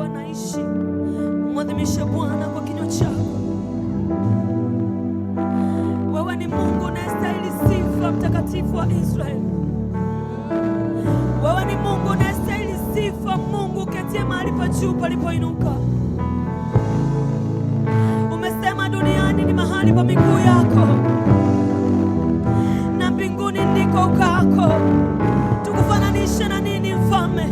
Mungu anaishi. Mwadhimishe Bwana kwa kinywa chako. Wewe ni Mungu unayestahili sifa, mtakatifu wa Israeli. Wewe ni Mungu unayestahili sifa, Mungu uketie mahali pa juu palipoinuka. Umesema duniani ni mahali pa miguu yako na mbinguni ndiko ukaako. Tukufananishe na nini, mfalme?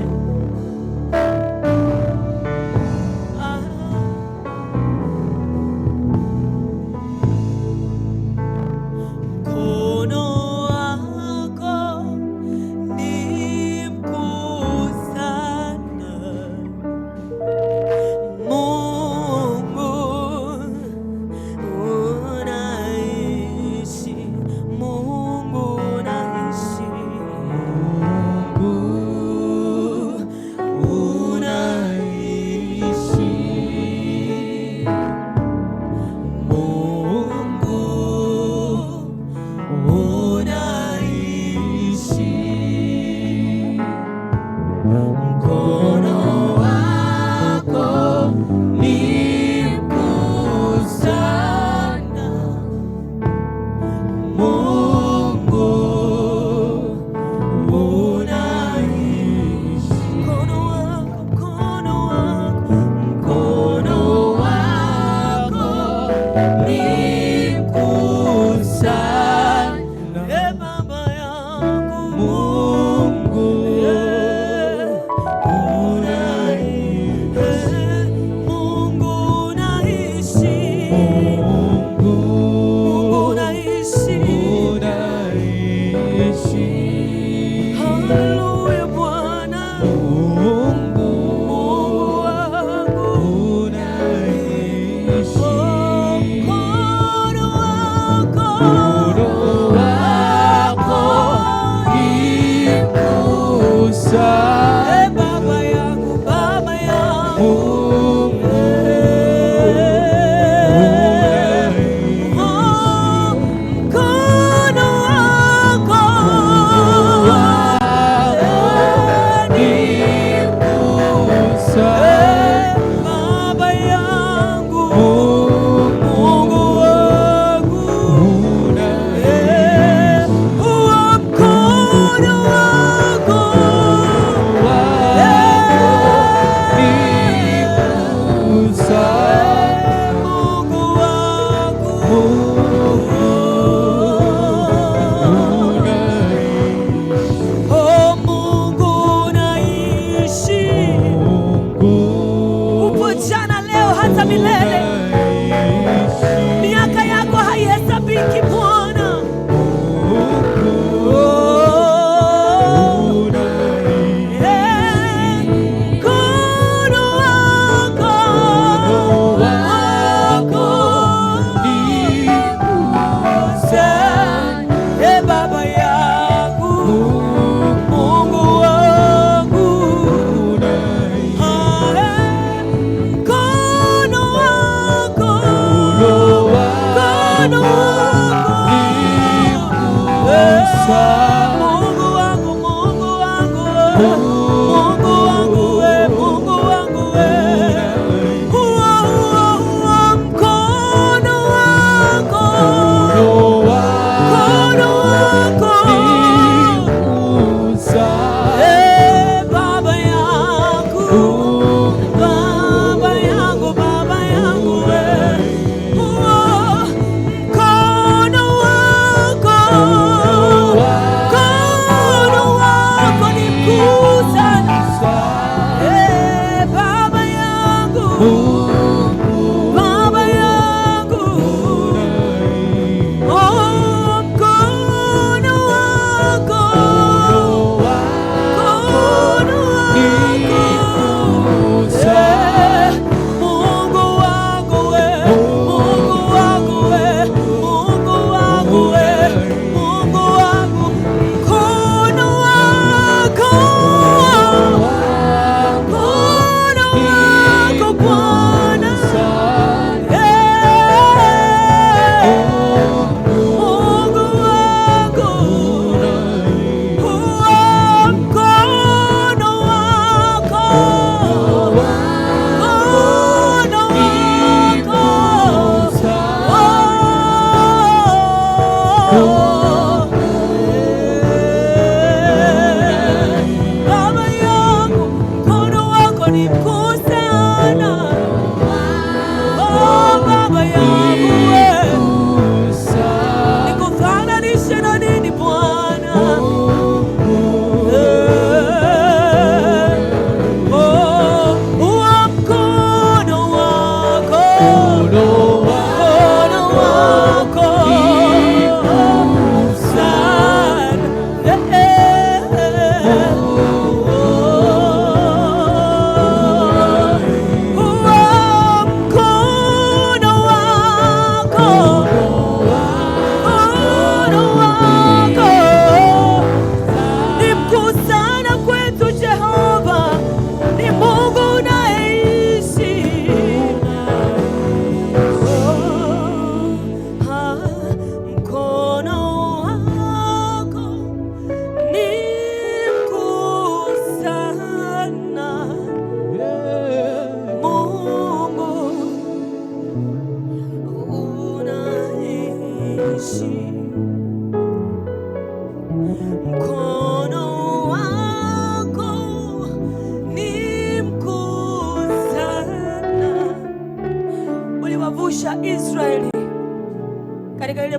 Oh.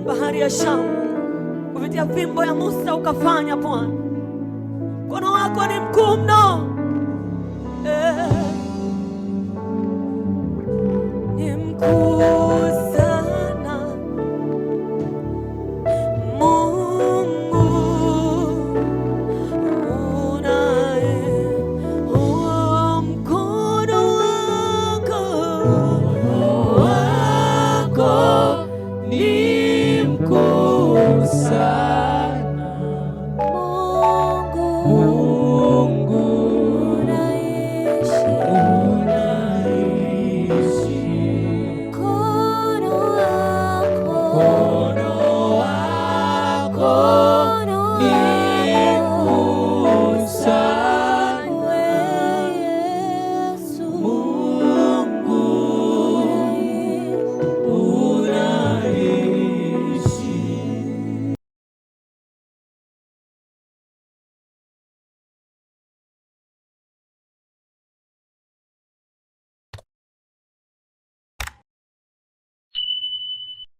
ile bahari ya Shamu kupitia fimbo ya Musa ukafanya Bwana, mkono wako ni mkuu mno